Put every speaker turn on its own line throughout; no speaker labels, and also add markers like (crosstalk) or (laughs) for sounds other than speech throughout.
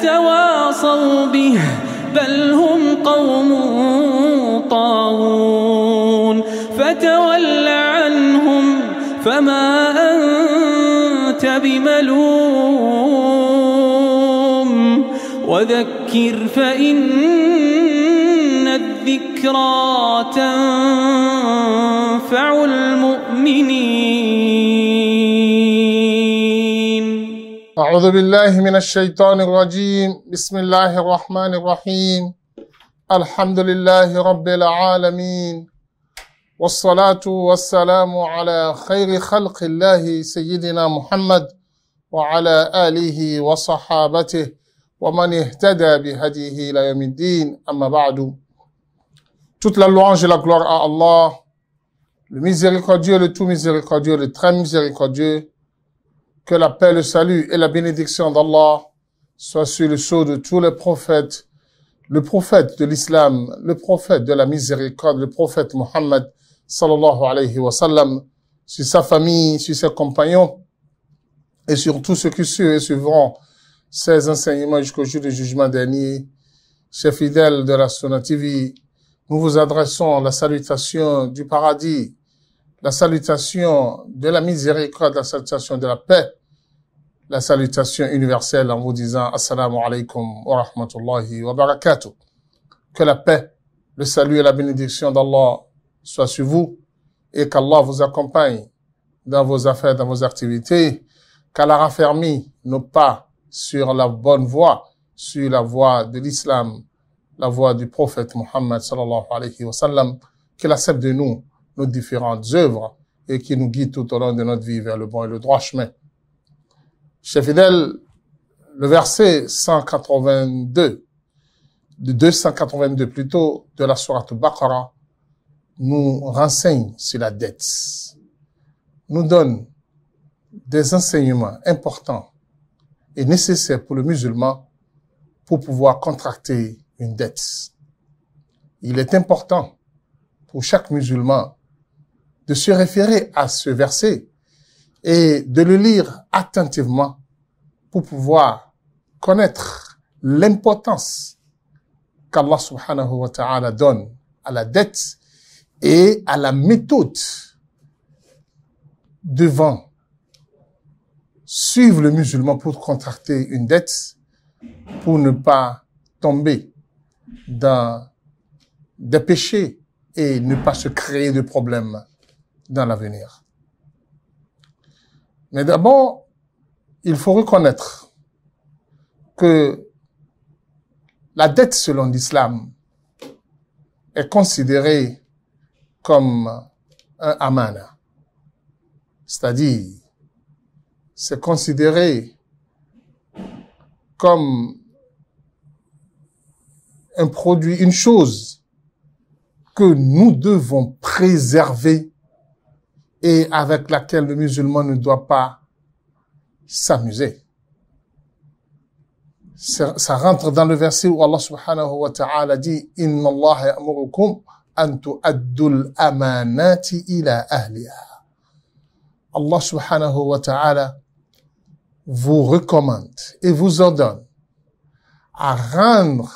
يتواصوا به بل هم قوم طاغون فتول عنهم فما أنت بملوم وذكر فإن الذكرى تنفع أعوذ بالله من الشيطان الرجيم بسم الله الرحمن الرحيم الحمد لله رب العالمين والصلاة والسلام على خير خلق الله سيدنا محمد وعلى آله وصحابته ومن اهتدى بهديه إلى يوم الدين أما بعد Toute la louange et la gloire à Allah, le miséricordieux, le tout miséricordieux, le très miséricordieux, Que la paix, le salut et la bénédiction d'Allah soient sur le sceau de tous les prophètes, le prophète de l'islam, le prophète de la miséricorde, le prophète Mohammed sallallahu alayhi wa sallam, sur sa famille, sur ses compagnons, et sur tous ceux qui suivent et suivront ses enseignements jusqu'au jour du jugement dernier. Chers fidèles de la Sona TV, nous vous adressons la salutation du paradis, la salutation de la miséricorde, la salutation de la paix, la salutation universelle en vous disant Assalamu alaikum wa rahmatullahi wa barakatuh. Que la paix, le salut et la bénédiction d'Allah soient sur vous et qu'Allah vous accompagne dans vos affaires, dans vos activités, qu'Allah raffermit nos pas sur la bonne voie, sur la voie de l'islam, la voie du prophète Mohammed sallallahu alayhi wa sallam, qu'il accepte de nous nos différentes œuvres et qu'il nous guide tout au long de notre vie vers le bon et le droit chemin. Chef fidèles, le verset 182, de 282 plutôt, de la Sourate Baqarah, nous renseigne sur la dette, nous donne des enseignements importants et nécessaires pour le musulman pour pouvoir contracter une dette. Il est important pour chaque musulman de se référer à ce verset et de le lire attentivement pour pouvoir connaître l'importance qu'Allah subhanahu wa ta'ala donne à la dette et à la méthode devant suivre le musulman pour contracter une dette pour ne pas tomber dans des péchés et ne pas se créer de problèmes dans l'avenir. Mais d'abord, il faut reconnaître que la dette selon l'islam est considérée comme un amana. C'est-à-dire, c'est considéré comme un produit, une chose que nous devons préserver et avec laquelle le musulman ne doit pas s'amuser. Ça, rentre dans le verset où Allah subhanahu wa ta'ala dit « Inna Allah ya'murukum an tu'addul amanati ila ahliha » Allah subhanahu wa ta'ala vous recommande et vous ordonne à rendre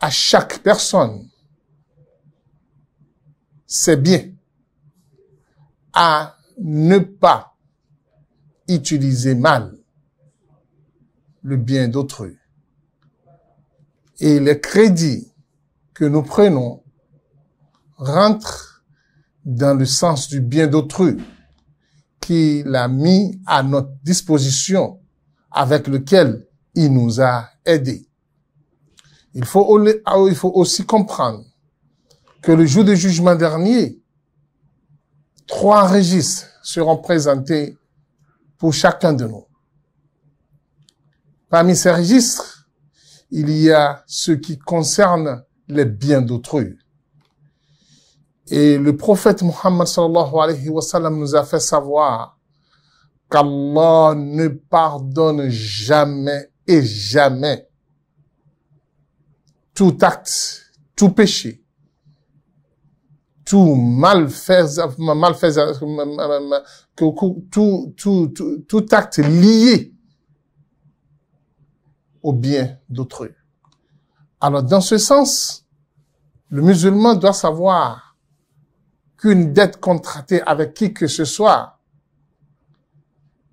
à chaque personne c'est bien à ne pas utiliser mal le bien d'autrui. Et les crédits que nous prenons rentrent dans le sens du bien d'autrui qu'il a mis à notre disposition, avec lequel il nous a aidés. il faut aussi comprendre que le jour du jugement dernier, trois registres seront présentés pour chacun de nous. Parmi ces registres, il y a ce qui concerne les biens d'autrui. Et le prophète Muhammad sallallahu alayhi wa sallam nous a fait savoir qu'Allah ne pardonne jamais et jamais tout acte, tout péché tout tout, tout acte lié au bien d'autrui. Alors, dans ce sens, le musulman doit savoir qu'une dette contractée avec qui que ce soit,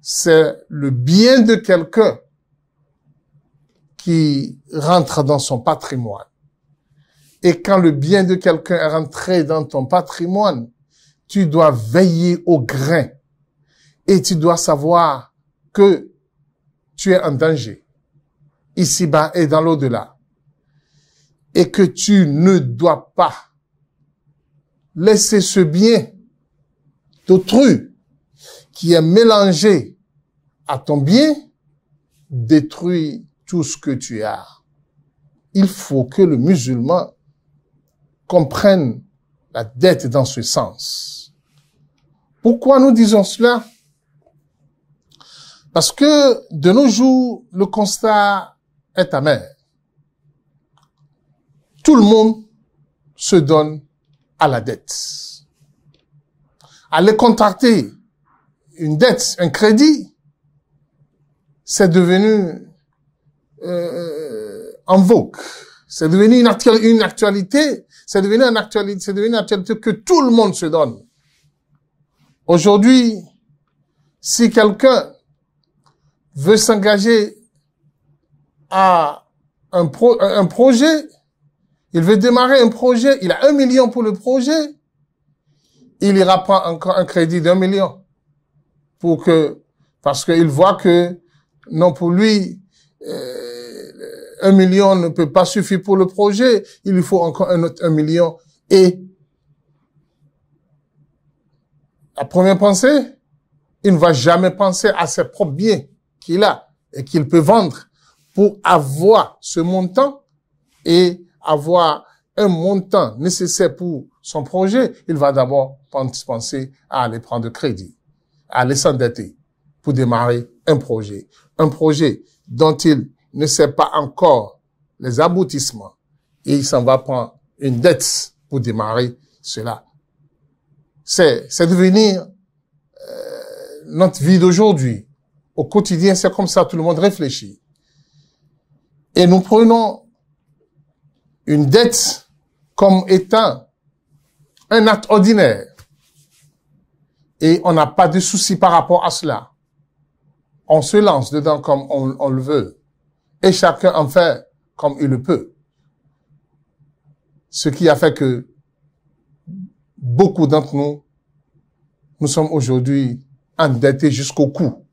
c'est le bien de quelqu'un qui rentre dans son patrimoine. Et quand le bien de quelqu'un est rentré dans ton patrimoine, tu dois veiller au grain. Et tu dois savoir que tu es en danger, ici-bas et dans l'au-delà. Et que tu ne dois pas laisser ce bien d'autrui qui est mélangé à ton bien détruire tout ce que tu as. Il faut que le musulman comprennent la dette dans ce sens. Pourquoi nous disons cela Parce que de nos jours, le constat est amer. Tout le monde se donne à la dette. Aller contracter une dette, un crédit, c'est devenu euh, en vogue. C'est devenu une, actualité, c'est devenu une actualité, c'est devenu une actualité que tout le monde se donne. Aujourd'hui, si quelqu'un veut s'engager à un, euh, un projet, il veut démarrer un projet, il a un million pour le projet, il ira prendre encore un crédit d'un million pour que, parce qu'il voit que, non, pour lui, euh, un million ne peut pas suffire pour le projet. Il lui faut encore un autre million. Et la première pensée, il ne va jamais penser à ses propres biens qu'il a et qu'il peut vendre pour avoir ce montant et avoir un montant nécessaire pour son projet. Il va d'abord penser à aller prendre crédit, à aller s'endetter pour démarrer un projet. Un projet dont il ne sait pas encore les aboutissements et il s'en va prendre une dette pour démarrer cela. C'est, c'est devenir euh, notre vie d'aujourd'hui. Au quotidien, c'est comme ça, tout le monde réfléchit. Et nous prenons une dette comme étant un acte ordinaire. Et on n'a pas de souci par rapport à cela. On se lance dedans comme on le veut et chacun en fait comme il le peut. Ce qui a fait que beaucoup d'entre nous, nous sommes aujourd'hui endettés jusqu'au cou.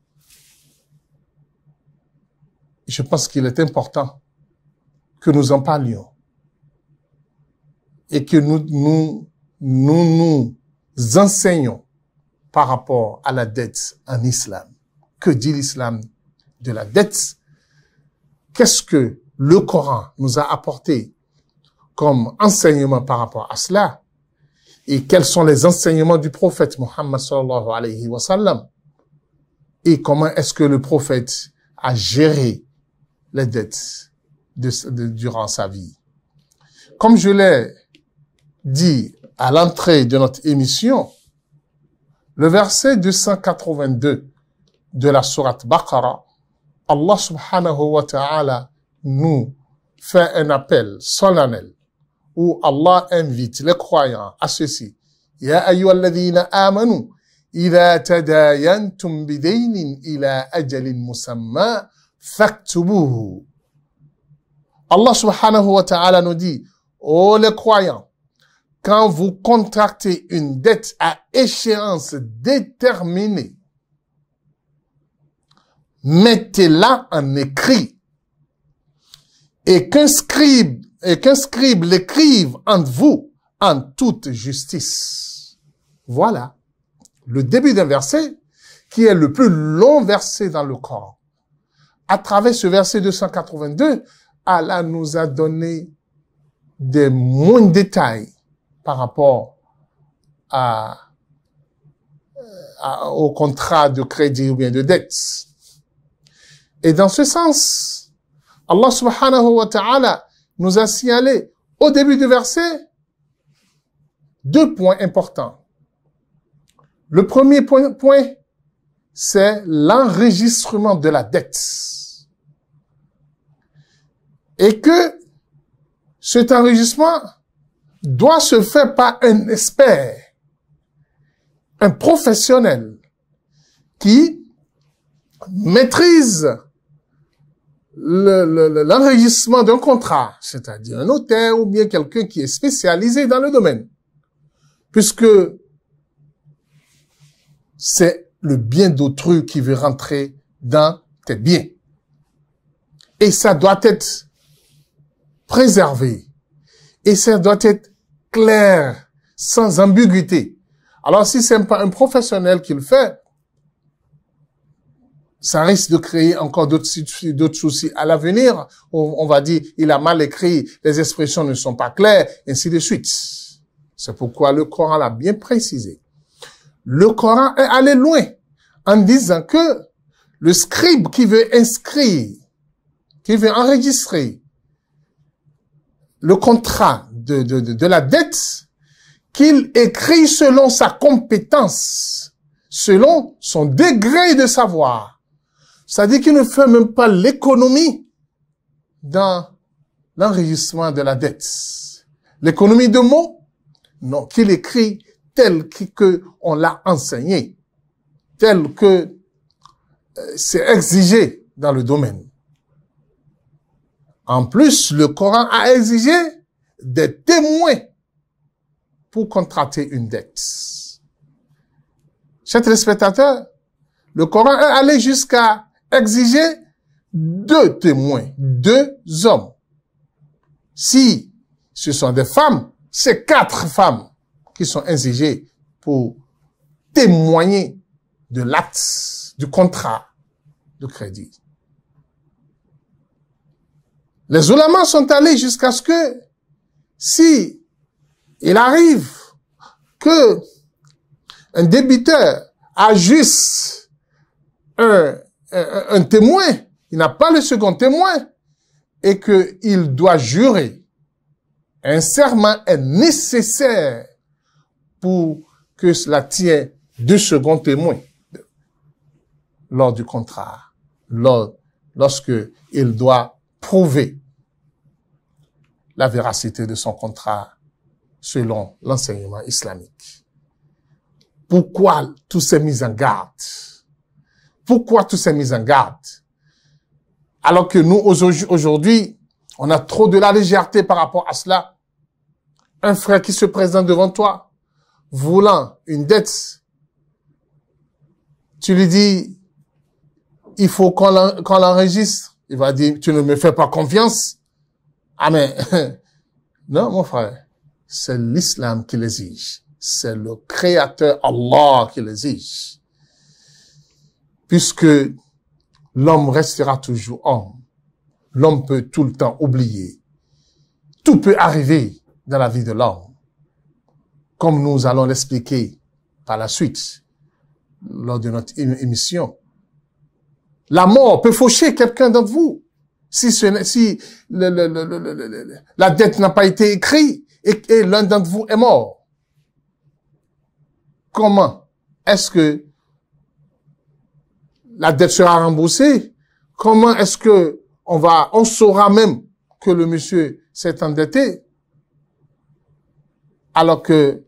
Je pense qu'il est important que nous en parlions et que nous nous, nous, nous enseignons par rapport à la dette en islam. Que dit l'islam de la dette Qu'est-ce que le Coran nous a apporté comme enseignement par rapport à cela et quels sont les enseignements du prophète Muhammad sallallahu alayhi wa sallam et comment est-ce que le prophète a géré les dettes durant sa vie. Comme je l'ai dit à l'entrée de notre émission, le verset 282 de la sourate Baqarah Allah subhanahu wa ta'ala nous fait un appel solennel où Allah invite les croyants à ceci. Ya ayyuhalladhina amanu, idha tadayantum bidaynin ila ajalin musamma, faktubuhu. Allah subhanahu wa ta'ala nous dit, ô oh les croyants, quand vous contractez une dette à échéance déterminée, mettez-la en écrit. Et qu'un scribe, et qu'un scribe l'écrive en vous en toute justice. Voilà le début d'un verset qui est le plus long verset dans le Coran. À travers ce verset 282, Allah nous a donné des moins détails par rapport à, au contrat de crédit ou bien de dette. Et dans ce sens, Allah subhanahu wa ta'ala nous a signalé au début du verset deux points importants. Le premier point, c'est l'enregistrement de la dette. Et que cet enregistrement doit se faire par un expert, un professionnel qui maîtrise l'enregistrement d'un contrat, c'est-à-dire un notaire ou bien quelqu'un qui est spécialisé dans le domaine. Puisque c'est le bien d'autrui qui veut rentrer dans tes biens. Et ça doit être préservé. Et ça doit être clair, sans ambiguïté. Alors si c'est pas un professionnel qui le fait, ça risque de créer encore d'autres soucis à l'avenir. On, va dire, il a mal écrit, les expressions ne sont pas claires, ainsi de suite. C'est pourquoi le Coran l'a bien précisé. Le Coran est allé loin en disant que le scribe qui veut inscrire, qui veut enregistrer le contrat de la dette, qu'il écrit selon sa compétence, selon son degré de savoir ça dit qu'il ne fait même pas l'économie dans l'enregistrement de la dette. L'économie de mots, non, qu'il écrit tel qu'on l'a enseigné, tel que euh, c'est exigé dans le domaine. En plus, le Coran a exigé des témoins pour contracter une dette. Chers téléspectateurs, le Coran est allé jusqu'à exiger deux témoins, deux hommes. Si ce sont des femmes, c'est quatre femmes qui sont exigées pour témoigner de l'acte, du contrat de crédit. Les oulamans sont allés jusqu'à ce que, si il arrive que un débiteur ajuste un un témoin, il n'a pas le second témoin, et qu'il doit jurer. Un serment est nécessaire pour que cela tienne du second témoin lors du contrat, lors, lorsque il doit prouver la véracité de son contrat selon l'enseignement islamique. Pourquoi tout ces mises en garde? Pourquoi tout ces mises en garde Alors que nous, aujourd'hui, on a trop de la légèreté par rapport à cela. Un frère qui se présente devant toi, voulant une dette, tu lui dis, il faut qu'on l'enregistre. Il va dire, tu ne me fais pas confiance. Amen. Ah, (laughs) non mon frère, c'est l'islam qui l'exige. C'est le créateur Allah qui l'exige puisque l'homme restera toujours homme. L'homme peut tout le temps oublier. Tout peut arriver dans la vie de l'homme, comme nous allons l'expliquer par la suite lors de notre émission. La mort peut faucher quelqu'un d'entre vous si, si la dette n'a pas été écrite et l'un d'entre vous est mort. Comment est-ce que la dette sera remboursée, comment est-ce que on va, on saura même que le monsieur s'est endetté alors que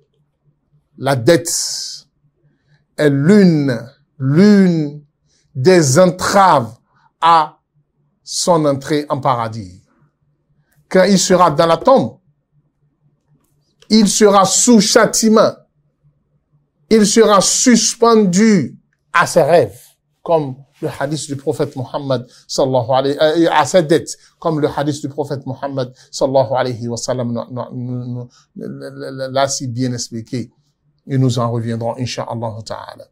la dette est l'une, l'une des entraves à son entrée en paradis. Quand il sera dans la tombe, il sera sous châtiment, il sera suspendu à ses rêves comme le hadith du prophète Muhammad sallallahu alayhi euh, à dette, comme le hadith du prophète Muhammad alayhi wa sallam l'a si bien expliqué. Et nous en reviendrons, insha'Allah ta'ala.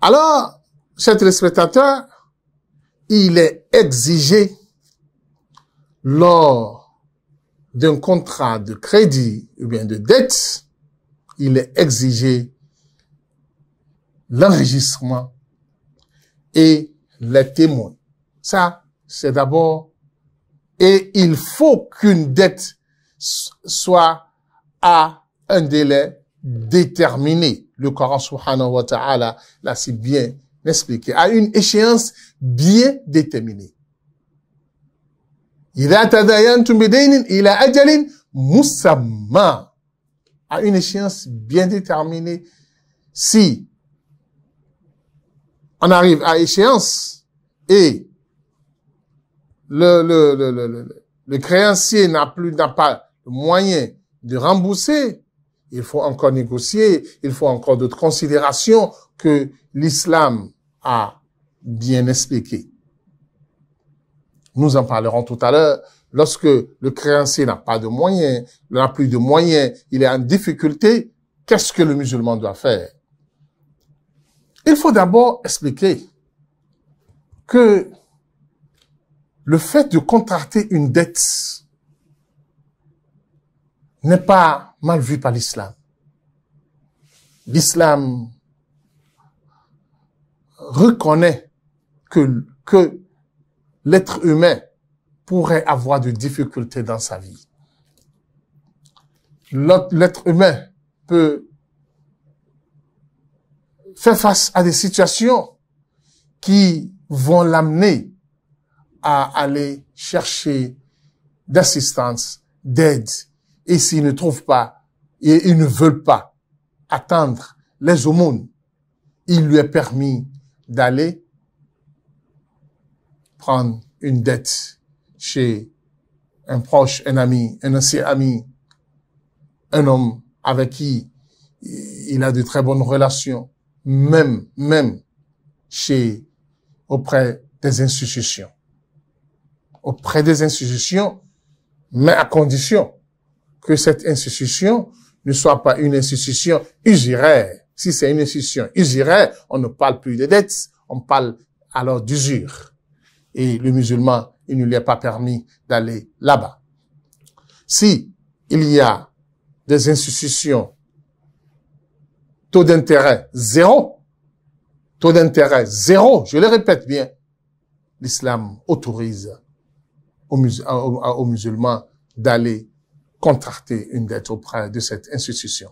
Alors, cet téléspectateurs il est exigé lors d'un contrat de crédit ou bien de dette, il est exigé l'enregistrement et les témoins. Ça, c'est d'abord, et il faut qu'une dette soit à un délai déterminé. Le Coran subhanahu wa ta'ala l'a si bien expliqué. À une échéance bien déterminée. Il a il a ajalin musamma. À une échéance bien déterminée. Si on arrive à échéance et le, le, le, le, le créancier n'a plus, n'a pas le moyen de rembourser, il faut encore négocier, il faut encore d'autres considérations que l'islam a bien expliquées. Nous en parlerons tout à l'heure. Lorsque le créancier n'a pas de moyens, n'a plus de moyens, il est en difficulté, qu'est-ce que le musulman doit faire il faut d'abord expliquer que le fait de contracter une dette n'est pas mal vu par l'islam. L'islam reconnaît que, l'être humain pourrait avoir des difficultés dans sa vie. L'être humain peut fait face à des situations qui vont l'amener à aller chercher d'assistance, d'aide. Et s'il ne trouve pas, et il ne veut pas attendre les monde, il lui est permis d'aller prendre une dette chez un proche, un ami, un ancien ami, un homme avec qui il a de très bonnes relations, même, même chez, auprès des institutions. Auprès des institutions, mais à condition que cette institution ne soit pas une institution usuraire. Si c'est une institution usuraire, on ne parle plus de dettes, on parle alors d'usure. Et le musulman, il ne lui est pas permis d'aller là-bas. Si il y a des institutions Taux d'intérêt, zéro. Taux d'intérêt, zéro. Je le répète bien. L'islam autorise aux, musulmans d'aller contracter une dette auprès de cette institution.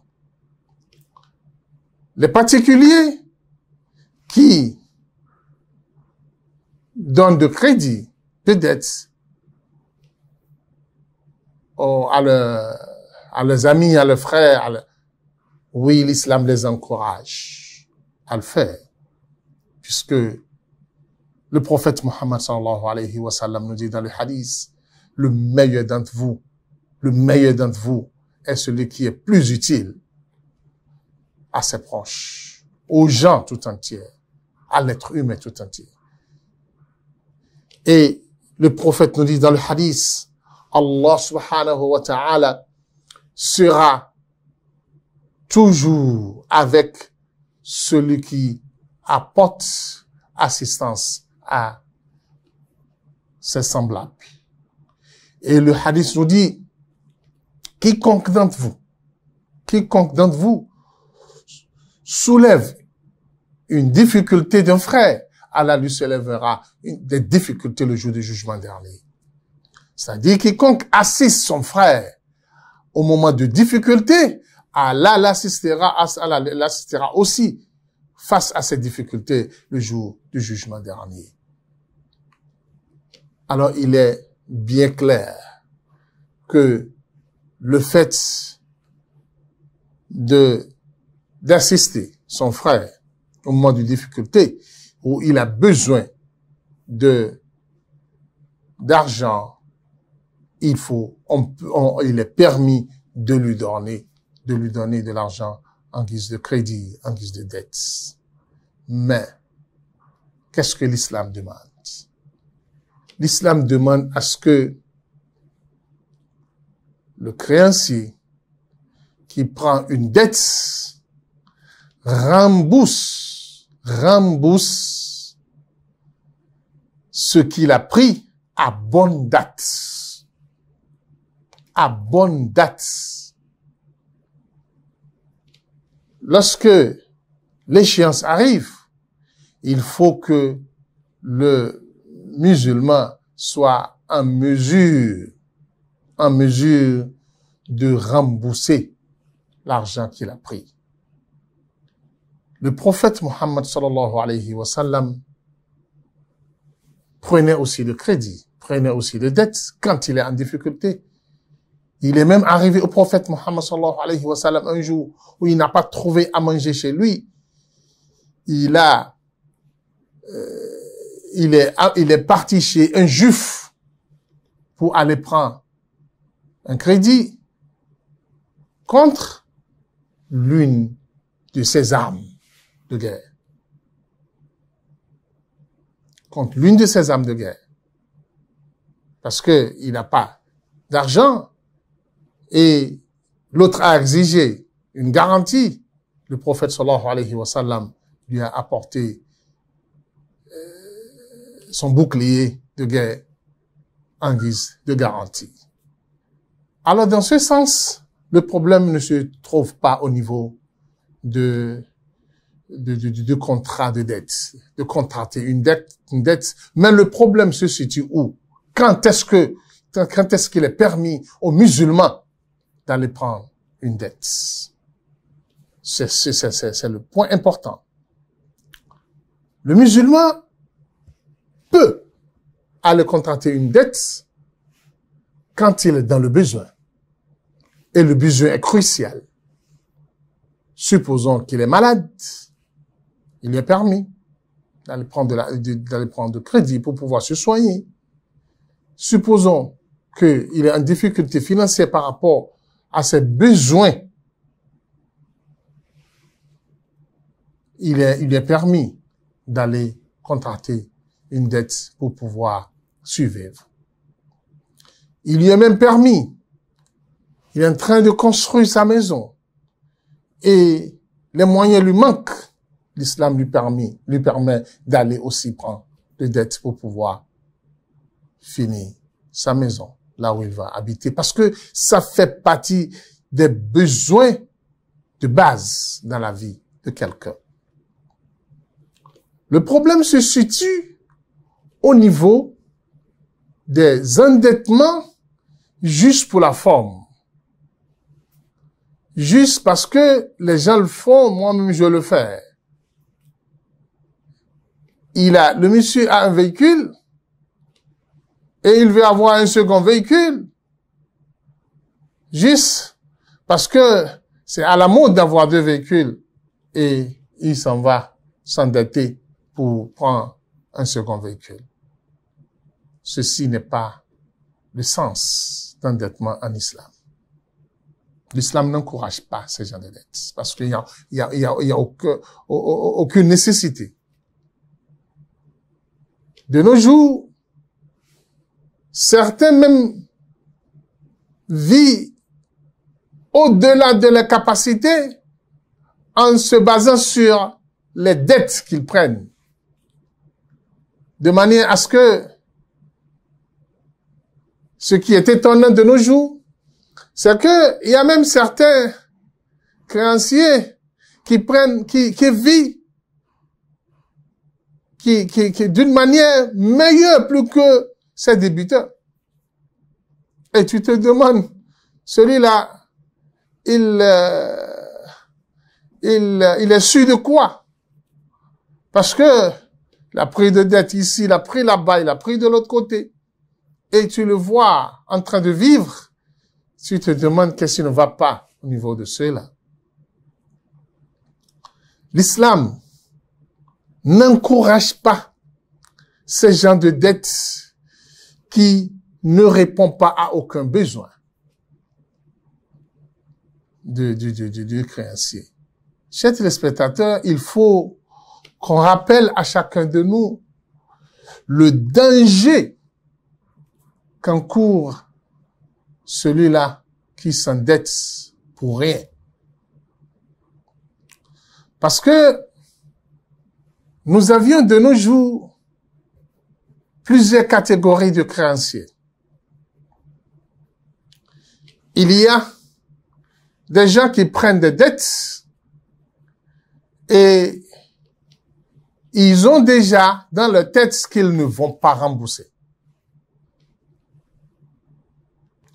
Les particuliers qui donnent de crédit, de dettes à, leurs amis, à leurs frères, à, oui, l'islam les encourage à le faire, puisque le prophète Mohammed sallallahu alayhi wa sallam nous dit dans le hadith, le meilleur d'entre vous, le meilleur d'entre vous est celui qui est plus utile à ses proches, aux gens tout entiers, à l'être humain tout entier. Et le prophète nous dit dans le hadith, Allah subhanahu wa ta'ala sera toujours avec celui qui apporte assistance à ses semblables. Et le hadith nous dit, quiconque d'entre vous, quiconque d'entre vous soulève une difficulté d'un frère, Allah lui soulèvera des difficultés le jour du jugement dernier. C'est-à-dire quiconque assiste son frère au moment de difficulté, Allah l'assistera, Allah l'assistera aussi face à cette difficultés le jour du jugement dernier. Alors il est bien clair que le fait de d'assister son frère au moment de difficulté où il a besoin de d'argent, il faut, il est permis de lui donner de lui donner de l'argent en guise de crédit, en guise de dette. Mais, qu'est-ce que l'islam demande? L'islam demande à ce que le créancier qui prend une dette rembourse, rembourse ce qu'il a pris à bonne date. À bonne date. lorsque l'échéance arrive, il faut que le musulman soit en mesure, en mesure de rembourser l'argent qu'il a pris. Le prophète Mohammed sallallahu alayhi wa sallam prenait aussi le crédit, prenait aussi les dettes quand il est en difficulté. Il est même arrivé au prophète Mohammed sallallahu alayhi wa sallam un jour où il n'a pas trouvé à manger chez lui. Il a, euh, il est, il est parti chez un juif pour aller prendre un crédit contre l'une de ses armes de guerre. Contre l'une de ses armes de guerre. Parce que il n'a pas d'argent et l'autre a exigé une garantie, le prophète sallallahu alayhi wa sallam lui a apporté euh, son bouclier de guerre en guise de garantie. Alors dans ce sens, le problème ne se trouve pas au niveau de de, de, de contrat de dette, de contracter une dette, une dette. Mais le problème se situe où Quand est-ce que quand est-ce qu'il est permis aux musulmans d'aller prendre une dette. C'est le point important. Le musulman peut aller contracter une dette quand il est dans le besoin. Et le besoin est crucial. Supposons qu'il est malade, il est permis d'aller prendre, d'aller prendre de crédit pour pouvoir se soigner. Supposons qu'il est en difficulté financière par rapport à ses besoins, il est, il est permis d'aller contracter une dette pour pouvoir survivre. Il lui est même permis. Il est en train de construire sa maison. Et les moyens lui manquent. L'islam lui permet, lui permet d'aller aussi prendre des dettes pour pouvoir finir sa maison là où il va habiter. Parce que ça fait partie des besoins de base dans la vie de quelqu'un. Le problème se situe au niveau des endettements juste pour la forme. Juste parce que les gens le font, moi-même je le fais. Il a, le monsieur a un véhicule, et il veut avoir un second véhicule. Juste parce que c'est à la mode d'avoir deux véhicules et il s'en va s'endetter pour prendre un second véhicule. Ceci n'est pas le sens d'endettement en islam. L'islam n'encourage pas ces gens de dette parce qu'il n'y a, y a, aucune nécessité. De nos jours, Certains même vivent au-delà de leurs capacités en se basant sur les dettes qu'ils prennent. De manière à ce que ce qui est étonnant de nos jours, c'est que il y a même certains créanciers qui prennent, qui, qui vivent, qui, qui, qui d'une manière meilleure plus que c'est débiteur. Et tu te demandes, celui-là, il, euh, il, euh, il est sûr de quoi Parce que il a pris de dette ici, il a pris là-bas, il a pris de l'autre côté. Et tu le vois en train de vivre. Tu te demandes qu'est-ce qui ne va pas au niveau de ceux-là. L'islam n'encourage pas ces gens de dette qui ne répond pas à aucun besoin du, du, du, créancier. Chers téléspectateurs, il faut qu'on rappelle à chacun de nous le danger qu'encourt celui-là qui s'endette pour rien. Parce que nous avions de nos jours plusieurs catégories de créanciers. Il y a des gens qui prennent des dettes et ils ont déjà dans leur tête ce qu'ils ne vont pas rembourser.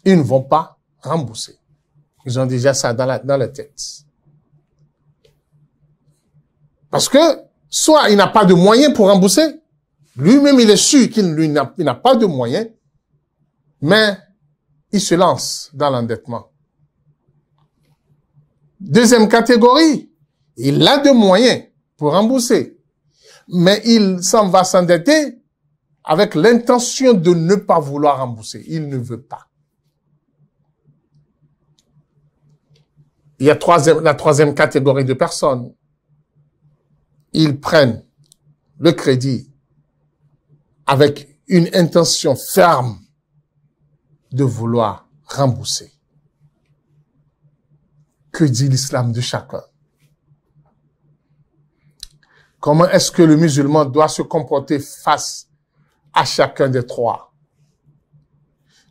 Ils ne vont pas rembourser. Ils ont déjà ça dans, la, leur tête. Parce que soit il n'a pas de moyens pour rembourser, lui-même, il est sûr qu'il n'a pas de moyens, mais il se lance dans l'endettement. Deuxième catégorie, il a de moyens pour rembourser, mais il s'en va s'endetter avec l'intention de ne pas vouloir rembourser. Il ne veut pas. Il y a troisième, la troisième catégorie de personnes. Ils prennent le crédit avec une intention ferme de vouloir rembourser. Que dit l'islam de chacun Comment est-ce que le musulman doit se comporter face à chacun des trois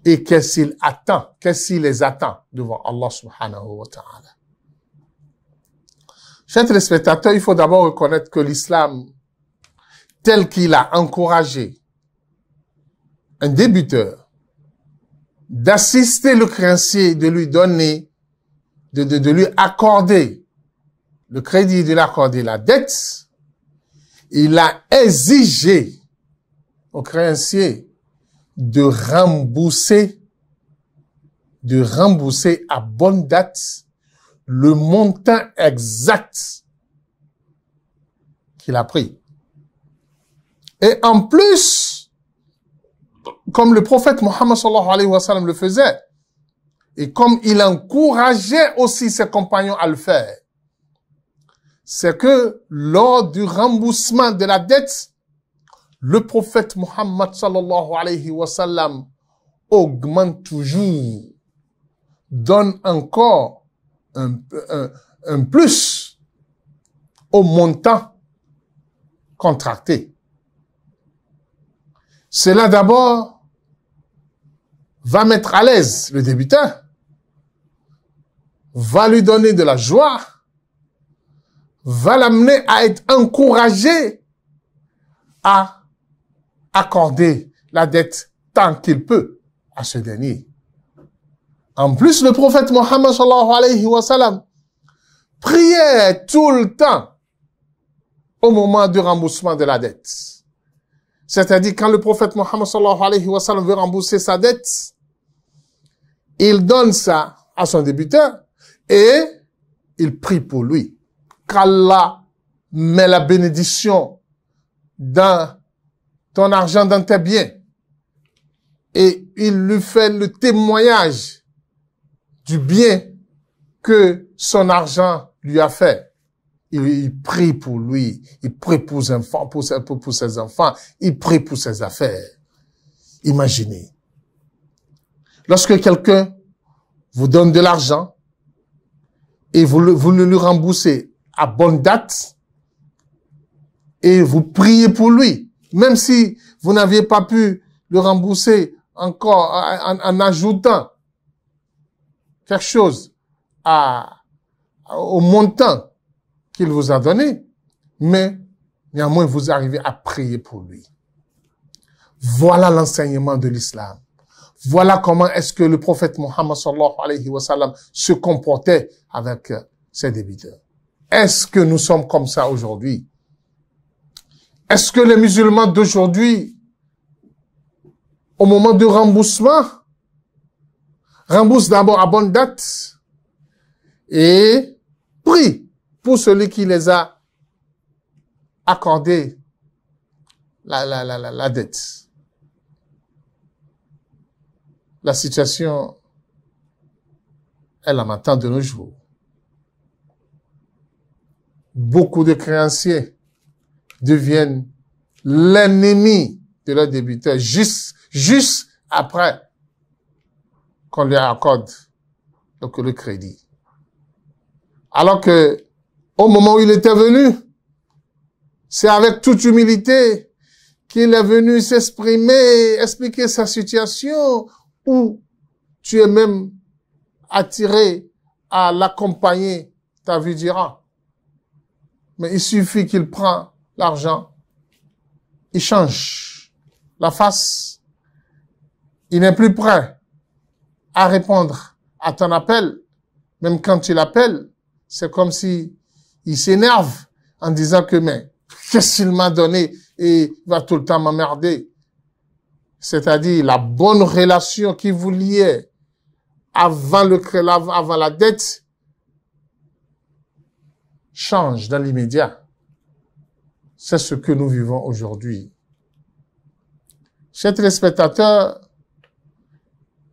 Et qu'est-ce qu'il attend Qu'est-ce qu'il les attend devant Allah subhanahu wa ta'ala Chers téléspectateurs, il faut d'abord reconnaître que l'islam, tel qu'il a encouragé un débuteur, d'assister le créancier, de lui donner, de, de lui accorder le crédit, de lui accorder la dette, il a exigé au créancier de rembourser, de rembourser à bonne date le montant exact qu'il a pris. Et en plus, comme le prophète Mohammed sallallahu alayhi wa sallam le faisait, et comme il encourageait aussi ses compagnons à le faire, c'est que lors du remboursement de la dette, le prophète Mohammed sallallahu alayhi wa sallam augmente toujours, donne encore un, un plus au montant contracté. Cela d'abord va mettre à l'aise le débutant, va lui donner de la joie, va l'amener à être encouragé à accorder la dette tant qu'il peut à ce dernier. En plus, le prophète Mohammed sallallahu alayhi wa sallam priait tout le temps au moment du remboursement de la dette. C'est-à-dire, quand le prophète Mohammed sallallahu alayhi wa sallam veut rembourser sa dette, il donne ça à son débiteur et il prie pour lui. Qu'Allah met la bénédiction dans ton argent, dans tes biens. Et il lui fait le témoignage du bien que son argent lui a fait. Il, prie pour lui, il prie pour ses enfants, pour pour, ses enfants, il prie pour ses affaires. Imaginez. Lorsque quelqu'un vous donne de l'argent et vous, le, vous le remboursez à bonne date et vous priez pour lui, même si vous n'aviez pas pu le rembourser encore en, ajoutant quelque chose à, au montant qu'il vous a donné, mais néanmoins vous arrivez à prier pour lui. Voilà l'enseignement de l'islam. Voilà comment est-ce que le prophète Mohammed sallallahu alayhi wa sallam se comportait avec euh, ses débiteurs. Est-ce que nous sommes comme ça aujourd'hui? Est-ce que les musulmans d'aujourd'hui, au moment du remboursement, remboursent d'abord à bonne date et prient pour celui qui les a accordé la, la, la, la, dette. La situation est matin de nos jours. Beaucoup de créanciers deviennent l'ennemi de leurs débiteurs juste, juste après qu'on leur accorde donc le crédit. Alors que au moment où il était venu. C'est avec toute humilité qu'il est venu s'exprimer, expliquer sa situation, où tu es même attiré à l'accompagner, ta vie dira. Mais il suffit qu'il prend l'argent, il change la face, il n'est plus prêt à répondre à ton appel. Même quand il appelle, c'est comme si il s'énerve en disant que, mais, qu'est-ce qu'il m'a donné et il va tout le temps m'emmerder. C'est-à-dire la bonne relation qui vous liait avant le avant la dette change dans l'immédiat. C'est ce que nous vivons aujourd'hui. Chers téléspectateurs,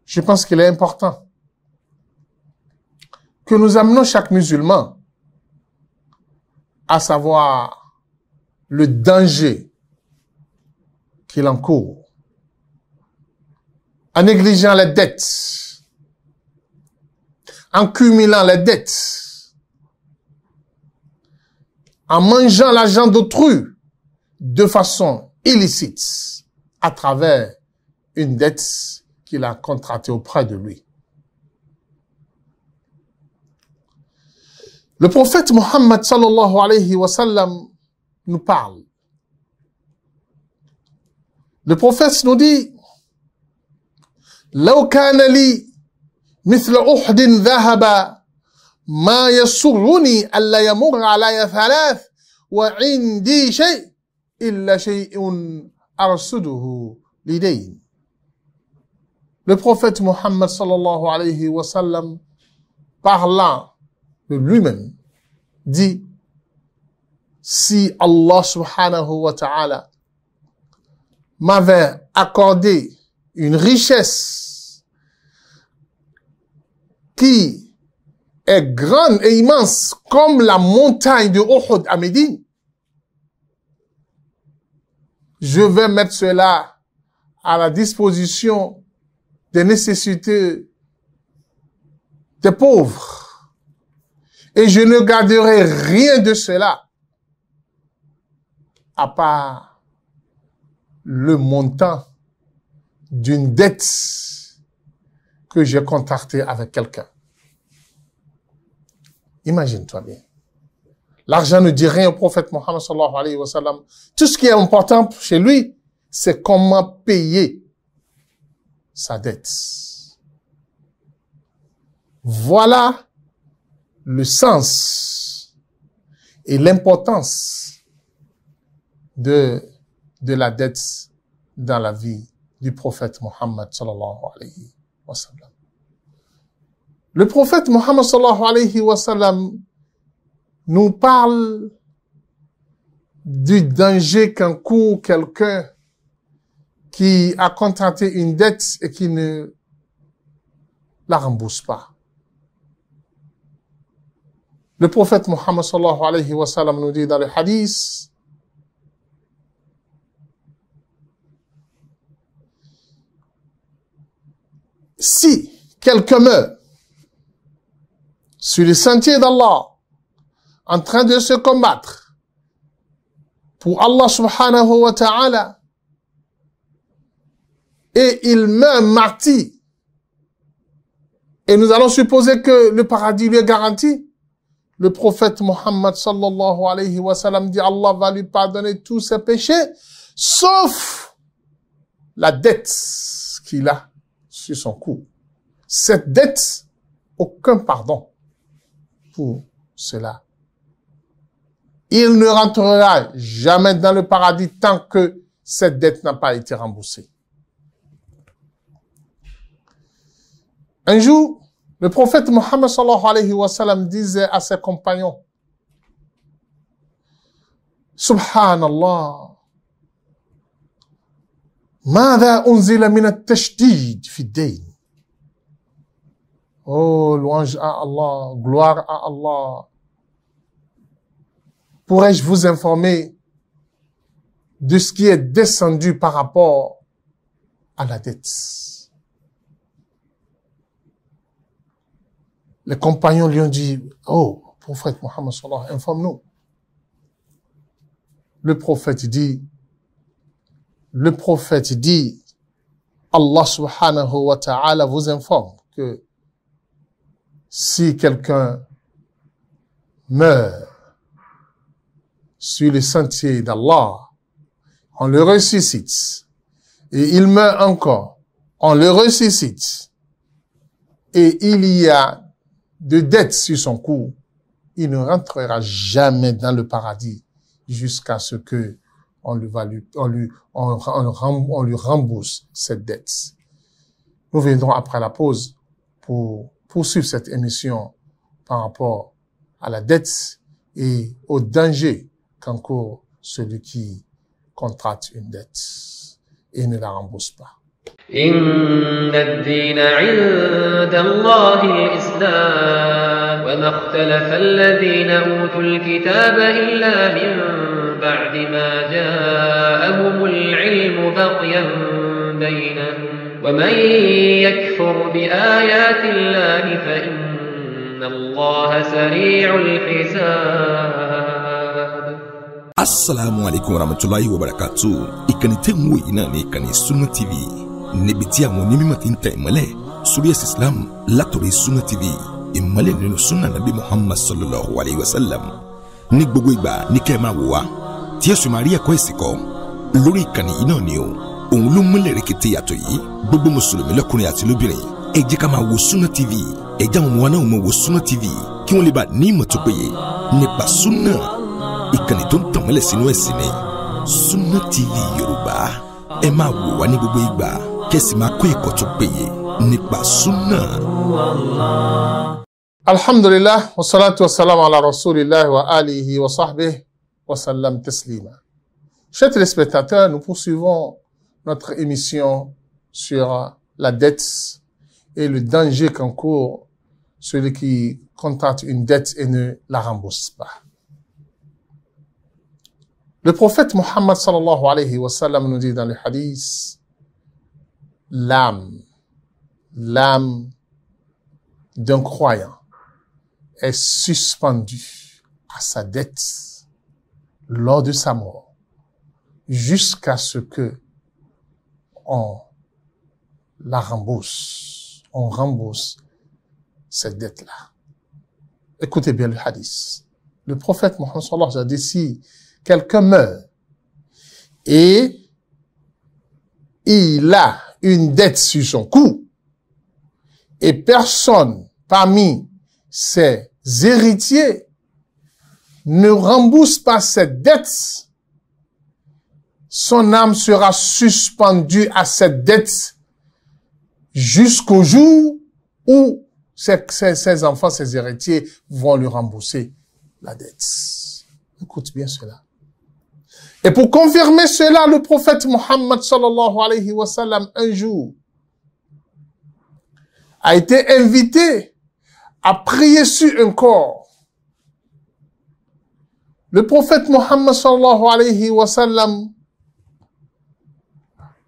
je pense qu'il est important que nous amenons chaque musulman à savoir le danger qu'il encourt en négligeant les dettes, en cumulant les dettes, en mangeant l'argent d'autrui de façon illicite à travers une dette qu'il a contractée auprès de lui. Le prophète Mohammed sallallahu alayhi wa sallam nous parle. Le prophète nous dit لو كان لي مثل أحد ذهب ما يسرني ألا يمر علي ثلاث وعندي شيء إلا شيء أرصده لدين Le prophète Mohammed sallallahu alayhi wa sallam parlant lui-même dit si Allah subhanahu wa ta'ala m'avait accordé une richesse qui est grande et immense comme la montagne de Uhud à Médine, je vais mettre cela à la disposition des nécessités des pauvres. Et je ne garderai rien de cela à part le montant d'une dette que j'ai contractée avec quelqu'un. Imagine-toi bien. L'argent ne dit rien au prophète Mohammed sallallahu alayhi wa Tout ce qui est important chez lui, c'est comment payer sa dette. Voilà le sens et l'importance de, de la dette dans la vie du prophète Mohammed sallallahu alayhi wa sallam. Le prophète Mohammed sallallahu alayhi wa sallam nous parle du danger qu'encourt quelqu'un qui a contenté une dette et qui ne la rembourse pas. Le prophète Muhammad sallallahu alayhi wa sallam nous dit dans le hadith Si quelqu'un meurt sur les sentiers d'Allah en train de se combattre pour Allah subhanahu wa ta'ala et il meurt marty et nous allons supposer que le paradis lui est garanti le prophète Mohammed sallallahu alayhi wa sallam dit Allah va lui pardonner tous ses péchés, sauf la dette qu'il a sur son cou. Cette dette, aucun pardon pour cela. Il ne rentrera jamais dans le paradis tant que cette dette n'a pas été remboursée. Un jour, le prophète Mohammed sallallahu alayhi wa sallam disait à ses compagnons, Subhanallah, ماذا أنزل من Oh, louange à Allah, gloire à Allah. Pourrais-je vous informer de ce qui est descendu par rapport à la dette Les compagnons lui ont dit, oh, prophète Muhammad sallallahu informe-nous. Le prophète dit, le prophète dit, Allah subhanahu wa ta'ala vous informe que si quelqu'un meurt sur le sentier d'Allah, on le ressuscite. Et il meurt encore, on le ressuscite. Et il y a de dette sur son cours, il ne rentrera jamais dans le paradis jusqu'à ce que on lui, lui, on, rembourse cette dette. Nous viendrons après la pause pour poursuivre cette émission par rapport à la dette et au danger qu'encourt celui qui contracte une dette et ne la rembourse pas. إن الدين عند الله الإسلام وما اختلف الذين أوتوا الكتاب إلا من بعد ما جاءهم العلم بقيا بينهم ومن يكفر بآيات الله فإن
الله سريع الحساب
السلام عليكم ورحمة الله وبركاته إكاني تنوي إناني إكاني سنة تي في níbi tí àwọn onímọ̀ ti ń tẹ ìmọ́lẹ̀ sórí ẹ̀sìn Islam látòrí Sunna TV ìmọ́lẹ̀ nínú Sunna Nabi Muhammad sallallahu alayhi wa sallam ní gbogbo ìgbà ní kẹ́ ẹ máa wò wá tí ẹ̀sùn máa rí ẹ̀kọ́ ìsìnkọ́ lórí ìkànnì yìí náà ni o òun ló múlẹ̀ rẹ̀kẹ̀tẹ̀ yàtọ̀ yìí gbogbo mùsùlùmí lọ́kùnrin àti lóbìnrin ẹ jẹ́ ká máa wo Sunna TV ẹ jẹ́ àwọn ọmọ náà mọ̀ wo Sunna TV kí wọ́n lè bá ní ìmọ̀ tó péye nípa Sunna ìkànnì tó ń TV Yorùbá ẹ máa wò wá ní gbogbo ìgbà kẹ́sì máa kó ẹ̀kọ́ tó péye nípa súnà. alhamdulilah wa salam ala rasulillah wa alihi wa sahbihi wa sallam taslima. Chers téléspectateurs, nous poursuivons notre émission sur la dette et le danger qu'encourt celui qui contracte une dette et ne la rembourse pas. Le prophète Muhammad sallallahu alayhi wa sallam nous dit dans le hadith l'âme, l'âme d'un croyant est suspendue à sa dette lors de sa mort jusqu'à ce que on la rembourse, on rembourse cette dette-là. Écoutez bien le hadith. Le prophète Mohammed sallallahu a dit si quelqu'un meurt et il a une dette sur son cou. Et personne parmi ses héritiers ne rembourse pas cette dette. Son âme sera suspendue à cette dette jusqu'au jour où ses, enfants, ses héritiers vont lui rembourser la dette. Écoute bien cela. Et pour confirmer cela, le prophète Mohammed sallallahu alayhi wa sallam, un jour, a été invité à prier sur un corps. Le prophète Mohammed sallallahu alayhi wa sallam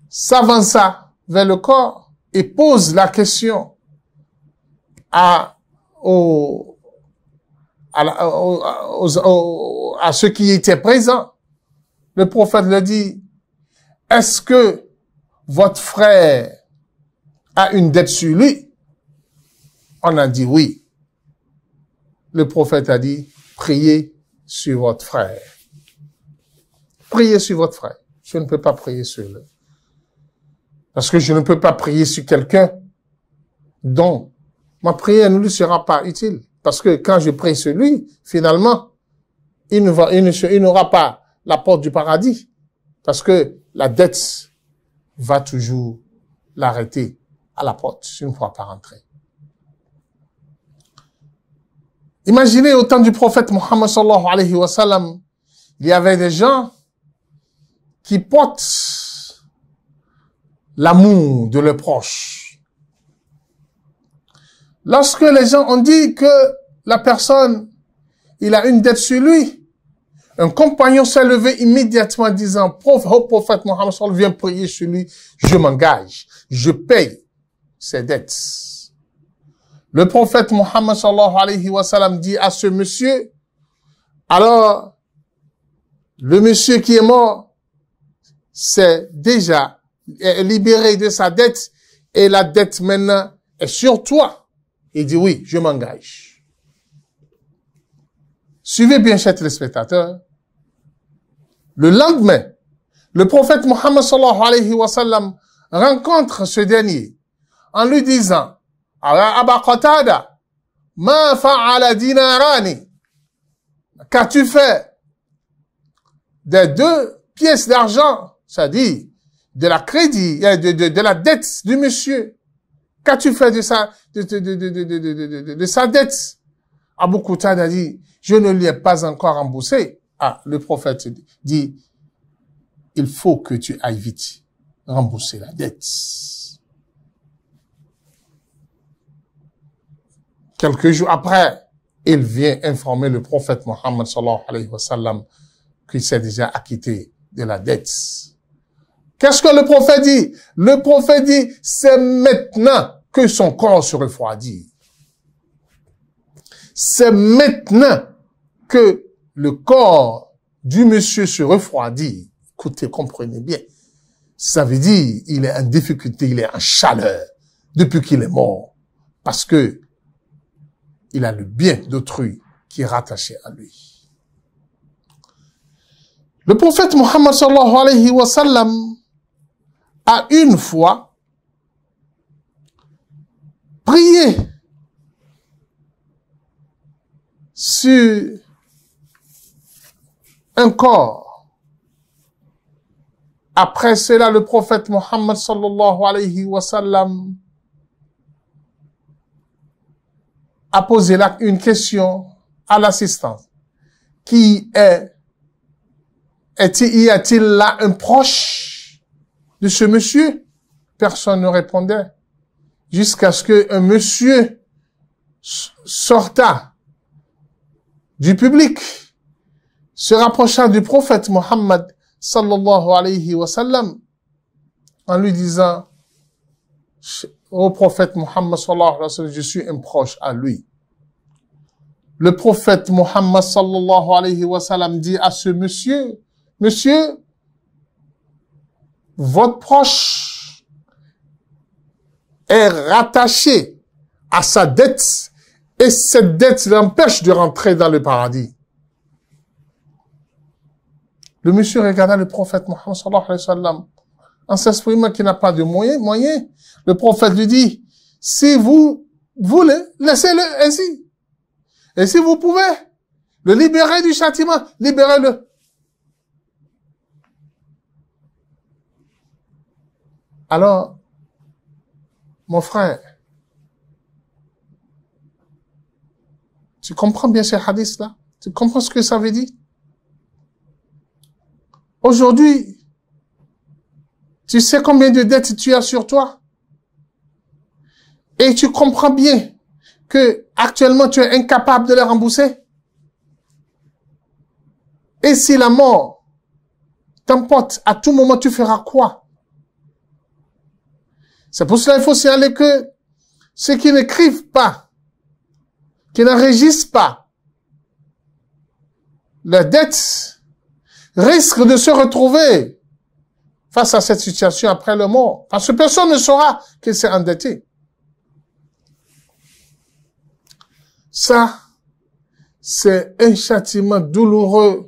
s'avança vers le corps et pose la question à, à ceux qui étaient présents. Le prophète le dit, est-ce que votre frère a une dette sur lui? On a dit oui. Le prophète a dit, priez sur votre frère. Priez sur votre frère. Je ne peux pas prier sur lui. Parce que je ne peux pas prier sur quelqu'un dont ma prière ne lui sera pas utile. Parce que quand je prie sur lui, finalement, il ne va, il n'aura pas la porte du paradis. Parce que la dette va toujours l'arrêter à la porte une fois par rentrer Imaginez au temps du prophète Mohammed sallallahu alayhi wa sallam, il y avait des gens qui portent l'amour de leurs proches. Lorsque les gens ont dit que la personne, il a une dette sur lui, un compagnon s'est levé immédiatement disant, au oh, prophète Mohammed vient prier sur lui, je m'engage, je paye ses dettes. Le prophète Muhammad sallallahu alayhi wa sallam dit à ce monsieur, alors, le monsieur qui est mort, c'est déjà libéré de sa dette et la dette maintenant est sur toi. Il dit oui, je m'engage. Suivez bien, chers téléspectateurs, le lendemain, le prophète Mohammed sallallahu alayhi wa sallam rencontre ce dernier en lui disant ah, Aba ma fa'ala dinarani Qu'as-tu fait des deux pièces d'argent, c'est-à-dire de la crédit, eh, de, la dette du monsieur Qu'as-tu fait de sa, de, sa dette Abu Qatada dit, je ne lui ai pas encore remboursé. Ah, le prophète dit, il faut que tu ailles vite rembourser la dette. Quelques jours après, il vient informer le prophète Mohammed sallallahu alayhi qu'il s'est déjà acquitté de la dette. Qu'est-ce que le prophète dit? Le prophète dit, c'est maintenant que son corps se refroidit. C'est maintenant que le corps du monsieur se refroidit. Écoutez, comprenez bien. Ça veut dire, il est en difficulté, il est en chaleur depuis qu'il est mort. Parce que il a le bien d'autrui qui est rattaché à lui. Le prophète Mohammed sallallahu alayhi wa sallam a une fois prié sur un Après cela, le prophète Mohammed sallallahu alayhi wa sallam a posé là une question à l'assistant. qui est y a-t-il là un proche de ce monsieur Personne ne répondait. Jusqu'à ce qu'un monsieur sorta du public se rapprocha du prophète Mohammed sallallahu alayhi wa sallam en lui disant au prophète Mohammed sallallahu alayhi wa sallam, je suis un proche à lui. Le prophète Mohammed sallallahu alayhi wa sallam dit à ce monsieur, monsieur, votre proche est rattaché à sa dette et cette dette l'empêche de rentrer dans le paradis. Le monsieur regarda le prophète Mohammed sallallahu alayhi wa sallam s'exprimant qu'il n'a pas de moyens. Moyen. Le prophète lui dit, si vous voulez, laissez-le ainsi. Et si vous pouvez, le libérer du châtiment, libérez-le. Alors, mon frère, tu comprends bien ce hadith-là Tu comprends ce que ça veut dire Aujourd'hui, tu sais combien de dettes tu as sur toi. Et tu comprends bien que actuellement tu es incapable de les rembourser. Et si la mort t'emporte, à tout moment tu feras quoi? C'est pour cela qu'il faut signaler que ceux qui n'écrivent pas, qui n'enregistrent pas leurs dettes, risque de se retrouver face à cette situation après le mort, parce que personne ne saura qu'il s'est endetté. Ça, c'est un châtiment douloureux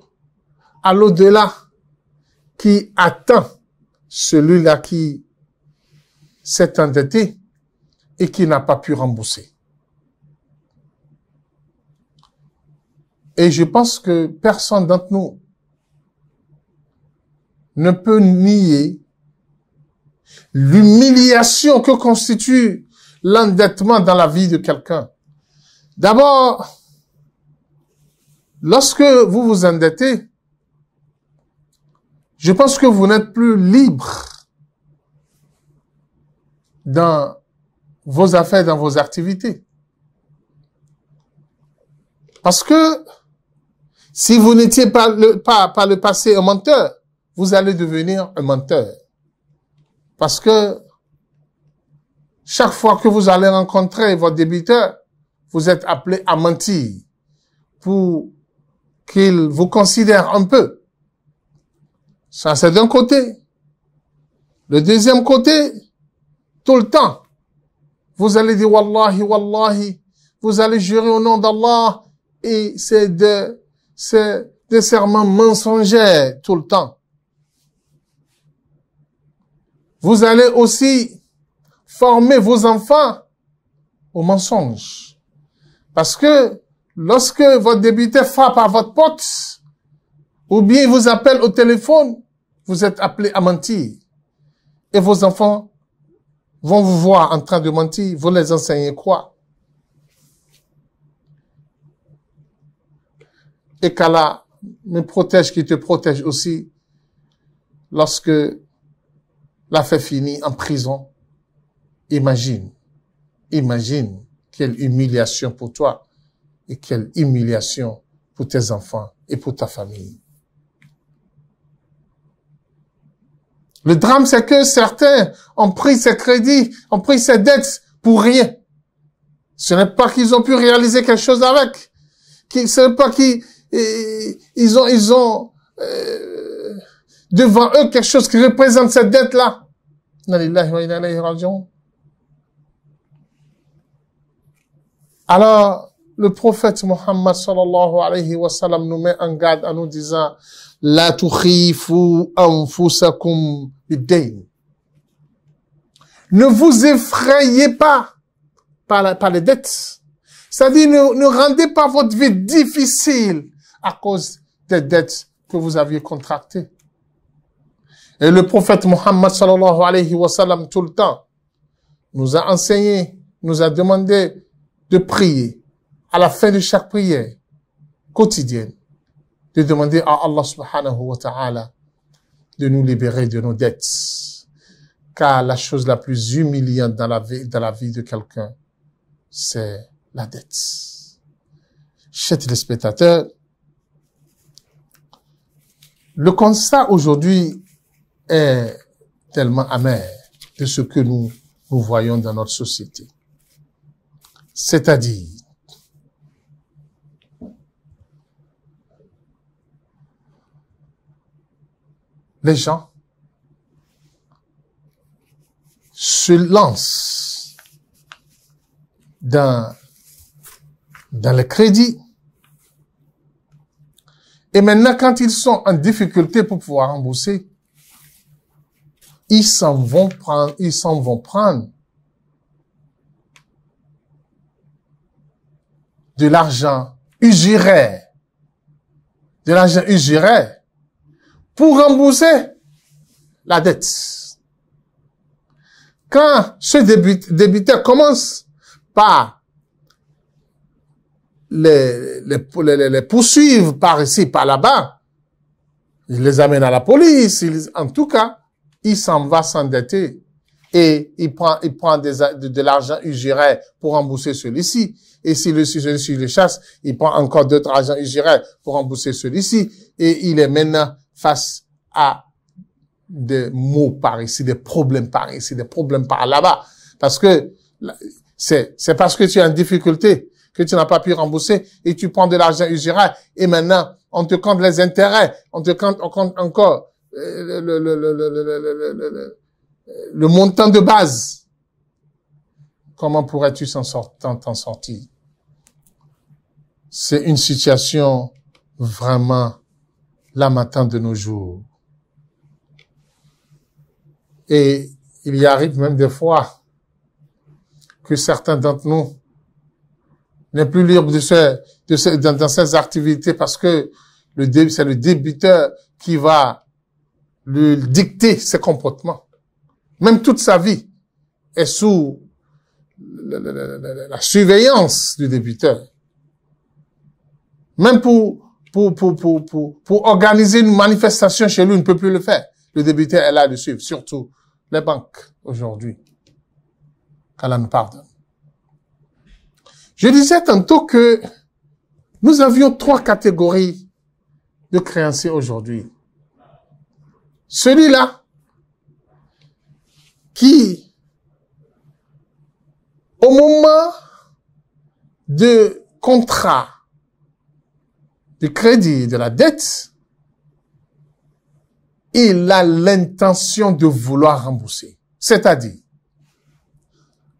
à l'au-delà qui attend celui-là qui s'est endetté et qui n'a pas pu rembourser. Et je pense que personne d'entre nous ne peut nier l'humiliation que constitue l'endettement dans la vie de quelqu'un. D'abord, lorsque vous vous endettez, je pense que vous n'êtes plus libre dans vos affaires, dans vos activités. Parce que si vous n'étiez pas, le, le passé un menteur, vous allez devenir un menteur. Parce que chaque fois que vous allez rencontrer votre débiteur, vous êtes appelé à mentir pour qu'il vous considère un peu. Ça, c'est d'un côté. Le deuxième côté, tout le temps, vous allez dire Wallahi, Wallahi, vous allez jurer au nom d'Allah et c'est de, c'est des serments mensongers tout le temps. Vous allez aussi former vos enfants au mensonge. Parce que lorsque votre débuté frappe à votre porte, ou bien il vous appelle au téléphone, vous êtes appelé à mentir. Et vos enfants vont vous voir en train de mentir. Vous les enseignez quoi? Et qu'Allah me protège, qui te protège aussi, lorsque l'a fait finir en prison. Imagine, imagine quelle humiliation pour toi et quelle humiliation pour tes enfants et pour ta famille. Le drame, c'est que certains ont pris ces crédits, ont pris ces dettes pour rien. Ce n'est pas qu'ils ont pu réaliser quelque chose avec. Ce n'est pas qu'ils eh, ils ont, ils ont euh, devant eux quelque chose qui représente cette dette-là. Alors, le prophète Muhammad sallallahu alayhi wa sallam nous met en garde en nous disant La tukhifu anfusakum bidayn. Ne vous effrayez pas par, par les dettes. C'est-à-dire, ne, ne rendez pas votre vie difficile à cause des dettes que vous aviez contractées. Et le prophète Muhammad sallallahu alayhi wa sallam tout le temps nous a enseigné, nous a demandé de prier à la fin de chaque prière quotidienne, de demander à Allah subhanahu wa ta'ala de nous libérer de nos dettes. Car la chose la plus humiliante dans la vie, dans la vie de quelqu'un, c'est la dette. Chers téléspectateurs, le constat aujourd'hui est tellement amer de ce que nous, nous voyons dans notre société. C'est-à-dire, les gens se lancent dans, dans le crédit. Et maintenant, quand ils sont en difficulté pour pouvoir rembourser, ils s'en vont prendre, ils s'en vont prendre de l'argent usuré de l'argent usuraire pour rembourser la dette. Quand ce débiteur commence par les, les, poursuivre par ici, par là-bas, il les amène à la police, en tout cas, il s'en va s'endetter et il prend, il prend des, de, l'argent usuraire pour rembourser celui-ci. Et si le sujet ci le chasse, il prend encore d'autres argent usuraire pour rembourser celui-ci. Et il est maintenant face à des mots par ici, des problèmes par ici, des problèmes par là-bas. Parce que c'est, c'est parce que tu as en difficulté que tu n'as pas pu rembourser et tu prends de l'argent usuraire et maintenant on te compte les intérêts, on te compte, on compte encore le, montant de base, comment pourrais-tu s'en sortir, t'en sortir C'est une situation vraiment lamentable de nos jours. Et il y arrive même des fois que certains d'entre nous n'est plus libre de de dans, ces activités parce que le c'est le débiteur qui va lui dicter ses comportements. Même toute sa vie est sous la, surveillance du débiteur. Même pour pour, pour, pour, pour, organiser une manifestation chez lui, il ne peut plus le faire. Le débiteur est là le suivre, surtout les banques aujourd'hui. Qu'Allah nous pardonne. Je disais tantôt que nous avions trois catégories de créanciers aujourd'hui. Celui-là qui, au moment de contrat, de crédit, de la dette, il a l'intention de vouloir rembourser. C'est-à-dire,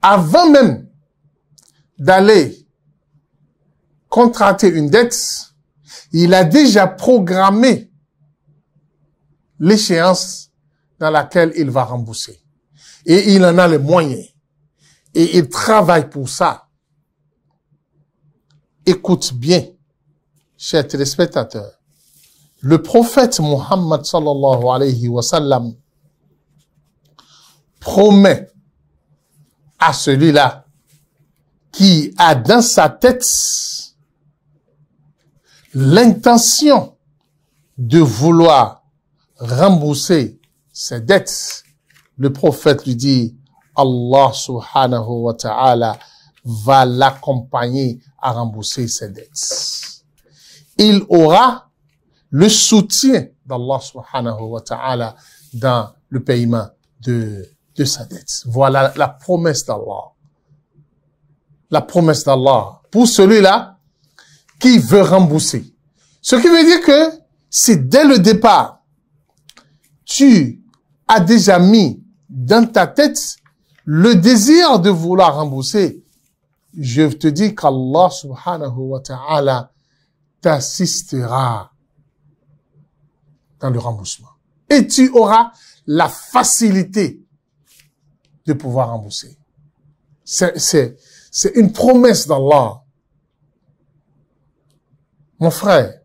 avant même d'aller contracter une dette, il a déjà programmé l'échéance dans laquelle il va rembourser. Et il en a les moyens. Et il travaille pour ça. Écoute bien, chers téléspectateurs. Le prophète Muhammad sallallahu alayhi wa sallam promet à celui-là qui a dans sa tête l'intention de vouloir rembourser ses dettes, le prophète lui dit, Allah subhanahu wa ta'ala va l'accompagner à rembourser ses dettes. Il aura le soutien d'Allah subhanahu wa ta'ala dans le paiement de, de sa dette. Voilà la promesse d'Allah. La promesse d'Allah pour celui-là qui veut rembourser. Ce qui veut dire que C'est dès le départ, tu as déjà mis dans ta tête le désir de vouloir rembourser, je te dis qu'Allah subhanahu wa ta'ala t'assistera dans le remboursement. Et tu auras la facilité de pouvoir rembourser. C'est une promesse d'Allah. Mon frère,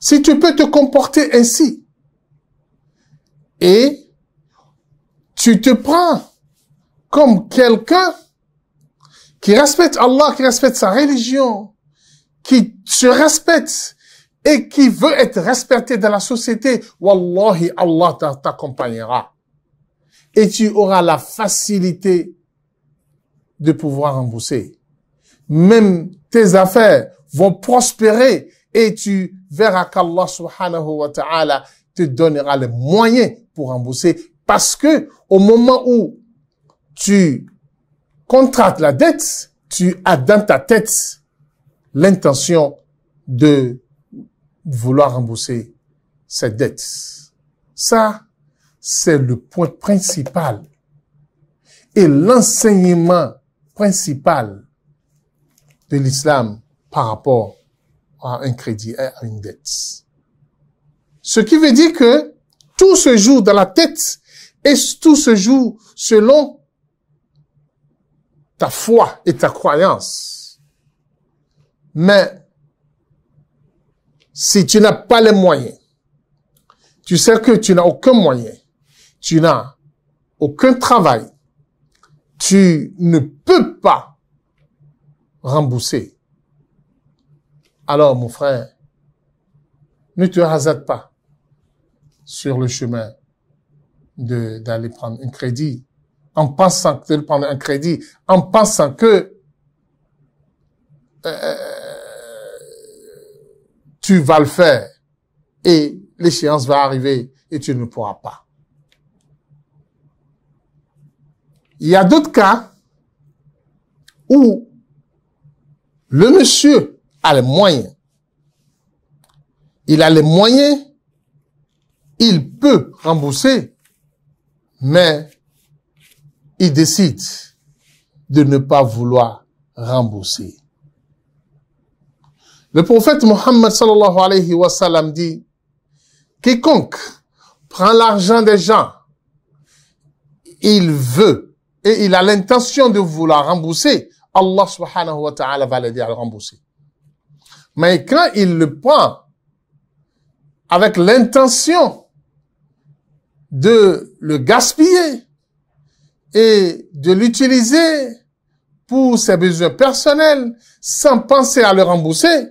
si tu peux te comporter ainsi, et tu te prends comme quelqu'un qui respecte Allah, qui respecte sa religion, qui se respecte et qui veut être respecté dans la société, Wallahi, Allah t'accompagnera. Et tu auras la facilité de pouvoir rembourser. Même tes affaires vont prospérer et tu verras qu'Allah subhanahu wa ta'ala te donnera les moyens pour rembourser. Parce que au moment où tu contractes la dette, tu as dans ta tête l'intention de vouloir rembourser cette dette. Ça, c'est le point principal et l'enseignement principal de l'islam par rapport à un crédit à une dette. Ce qui veut dire que tout ce jour dans la tête et tout ce jour selon ta foi et ta croyance. Mais si tu n'as pas les moyens, tu sais que tu n'as aucun moyen, tu n'as aucun travail, tu ne peux pas rembourser. Alors, mon frère, ne te hasarde pas sur le chemin de d'aller prendre un crédit, en pensant que de prendre un crédit, en pensant que euh, tu vas le faire et l'échéance va arriver et tu ne pourras pas. Il y a d'autres cas où le monsieur a les moyens. Il a les moyens il peut rembourser, mais il décide de ne pas vouloir rembourser. Le prophète Mohammed sallallahu alayhi wa sallam dit, quiconque prend l'argent des gens, il veut et il a l'intention de vouloir rembourser, Allah subhanahu wa ta'ala va à le rembourser. Mais quand il le prend avec l'intention de le gaspiller et de l'utiliser pour ses besoins personnels sans penser à le rembourser.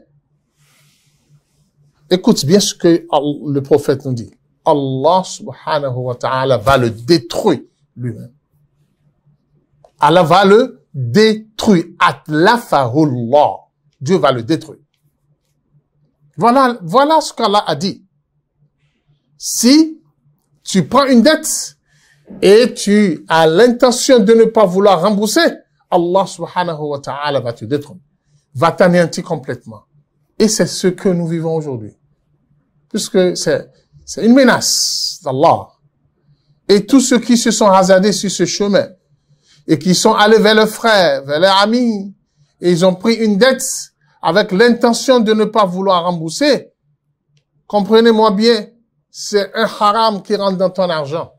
Écoute bien ce que le prophète nous dit. Allah subhanahu wa ta'ala va le détruire lui-même. Allah va le détruire. Dieu va le détruire. Voilà, voilà ce qu'Allah a dit. Si tu prends une dette et tu as l'intention de ne pas vouloir rembourser, Allah subhanahu wa ta'ala va te détruire, va t'anéantir complètement. Et c'est ce que nous vivons aujourd'hui. Puisque c'est, c'est une menace d'Allah. Et tous ceux qui se sont hasardés sur ce chemin et qui sont allés vers leurs frères, vers leurs amis, et ils ont pris une dette avec l'intention de ne pas vouloir rembourser, comprenez-moi bien, c'est un haram qui rentre dans ton argent.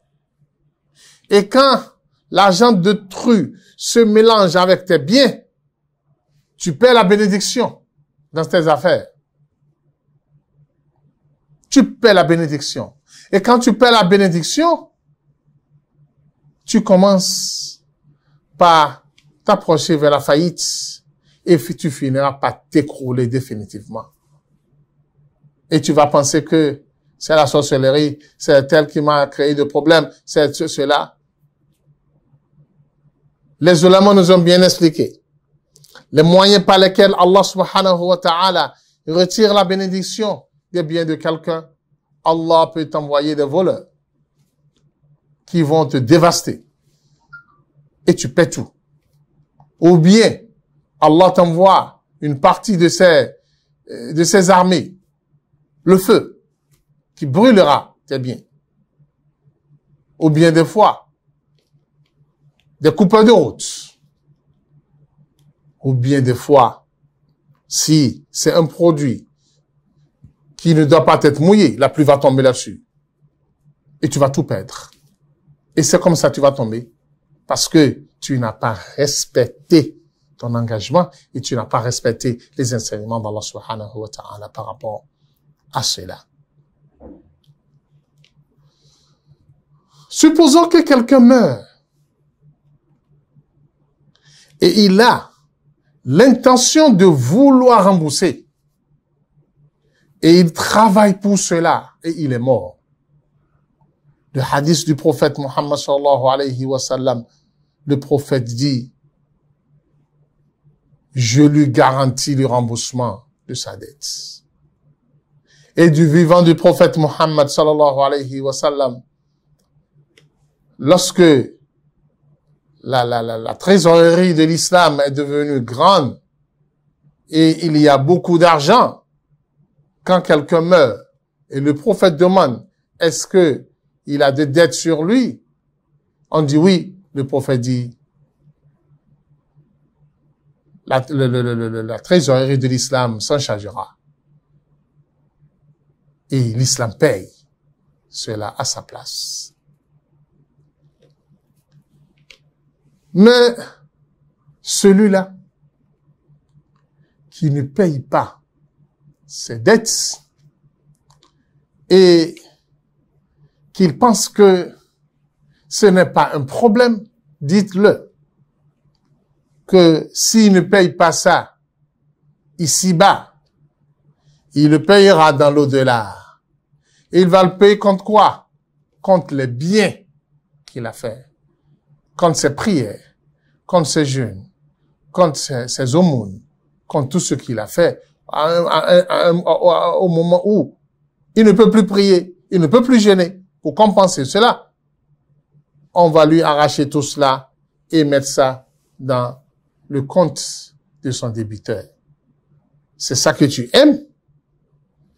Et quand l'argent de tru se mélange avec tes biens, tu perds la bénédiction dans tes affaires. Tu perds la bénédiction. Et quand tu perds la bénédiction, tu commences par t'approcher vers la faillite et tu finiras par t'écrouler définitivement. Et tu vas penser que c'est la sorcellerie, c'est elle qui m'a créé des problèmes, c'est cela. Les ulémas nous ont bien expliqué les moyens par lesquels Allah subhanahu wa ta'ala retire la bénédiction des biens de quelqu'un. Allah peut t'envoyer des voleurs qui vont te dévaster et tu paies tout. Ou bien, Allah t'envoie une partie de ses, euh, de ses armées, le feu, qui brûlera tes bien. Ou bien des fois, des coupeurs de route. Ou bien des fois, si c'est un produit qui ne doit pas être mouillé, la pluie va tomber là-dessus. Et tu vas tout perdre. Et c'est comme ça tu vas tomber. Parce que tu n'as pas respecté ton engagement et tu n'as pas respecté les enseignements d'Allah subhanahu wa par rapport à cela. Supposons que quelqu'un meurt et il a l'intention de vouloir rembourser et il travaille pour cela et il est mort. Le hadith du prophète Muhammad sallallahu alayhi wa sallam, le prophète dit, je lui garantis le remboursement de sa dette. Et du vivant du prophète Muhammad sallallahu alayhi wa sallam, lorsque la, la, la, la trésorerie de l'islam est devenue grande et il y a beaucoup d'argent, quand quelqu'un meurt et le prophète demande est-ce que il a des dettes sur lui, on dit oui. Le prophète dit la, le, la trésorerie de l'islam s'en chargera. Et l'islam paye cela à sa place. Mais celui-là qui ne paye pas ses dettes et qu'il pense que ce n'est pas un problème, dites-le que s'il ne paye pas ça ici-bas, il le payera dans l'au-delà. Il va le payer contre quoi Contre les biens qu'il a fait contre ses prières, contre ses jeûnes, contre ses, aumônes, contre tout ce qu'il a fait, au moment où il ne peut plus prier, il ne peut plus gêner pour compenser cela, on va lui arracher tout cela et mettre ça dans le compte de son débiteur. C'est ça que tu aimes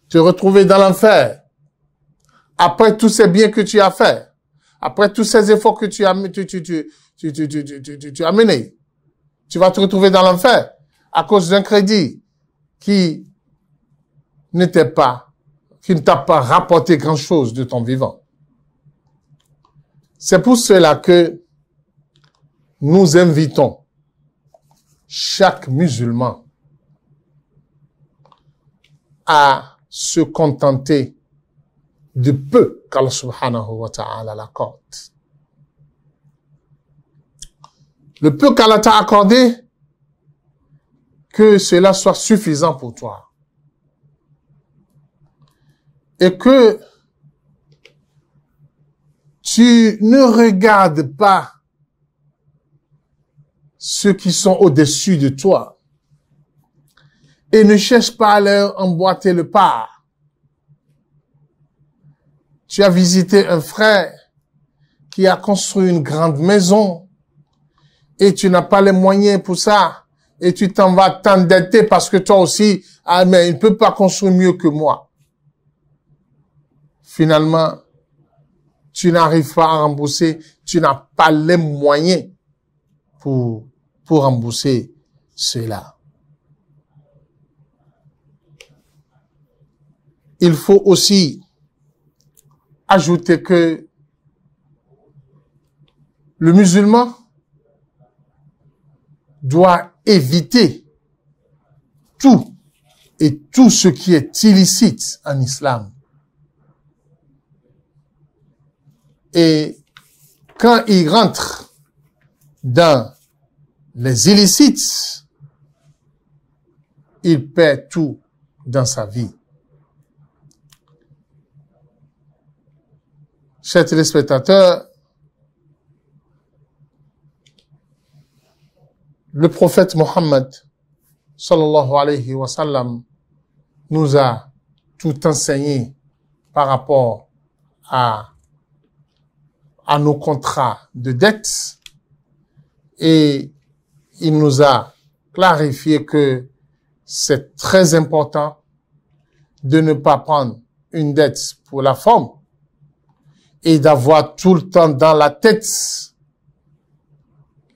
Te retrouver dans l'enfer après tous ces biens que tu as faits après tous ces efforts que tu as, tu, tu, tu, tu, tu, tu, tu, tu menés, tu vas te retrouver dans l'enfer à cause d'un crédit qui n'était pas, qui ne t'a pas rapporté grand chose de ton vivant. C'est pour cela que nous invitons chaque musulman à se contenter de peu qu'Allah subhanahu wa ta'ala l'accorde. Le peu qu'Allah t'a accordé, que cela soit suffisant pour toi. Et que tu ne regardes pas ceux qui sont au-dessus de toi et ne cherche pas à leur emboîter le pas. Tu as visité un frère qui a construit une grande maison et tu n'as pas les moyens pour ça et tu t'en vas t'endetter parce que toi aussi, ah mais il ne peut pas construire mieux que moi. Finalement, tu n'arrives pas à rembourser, tu n'as pas les moyens pour, pour rembourser cela. Il faut aussi ajouter que le musulman doit éviter tout et tout ce qui est illicite en islam. Et quand il rentre dans les illicites, il perd tout dans sa vie. Chers téléspectateurs, le prophète Mohammed sallallahu alayhi wa sallam nous a tout enseigné par rapport à, à nos contrats de dette et il nous a clarifié que c'est très important de ne pas prendre une dette pour la forme, et d'avoir tout le temps dans la tête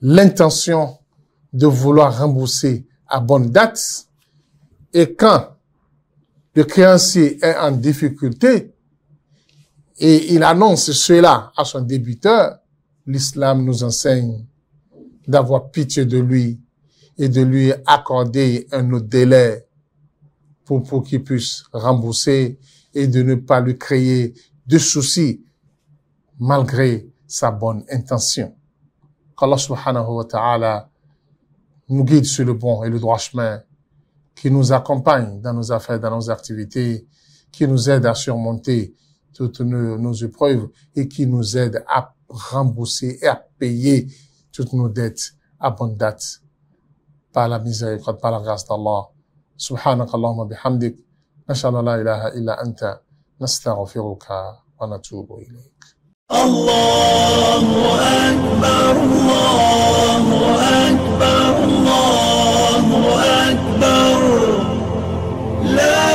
l'intention de vouloir rembourser à bonne date. Et quand le créancier est en difficulté et il annonce cela à son débiteur, l'islam nous enseigne d'avoir pitié de lui et de lui accorder un autre délai pour, pour qu'il puisse rembourser et de ne pas lui créer de soucis malgré sa bonne intention. Qu'Allah subhanahu wa ta'ala nous guide sur le bon et le droit chemin, qui nous accompagne dans nos affaires, dans nos activités, qui nous aide à surmonter toutes nos, épreuves et qui nous aide à rembourser et à payer toutes nos dettes à bonne date par la miséricorde, par la grâce d'Allah. سبحانك اللهم نشهد wa الله أكبر الله أكبر الله أكبر لا